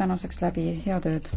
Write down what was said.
tänaseks läbi, head ööd!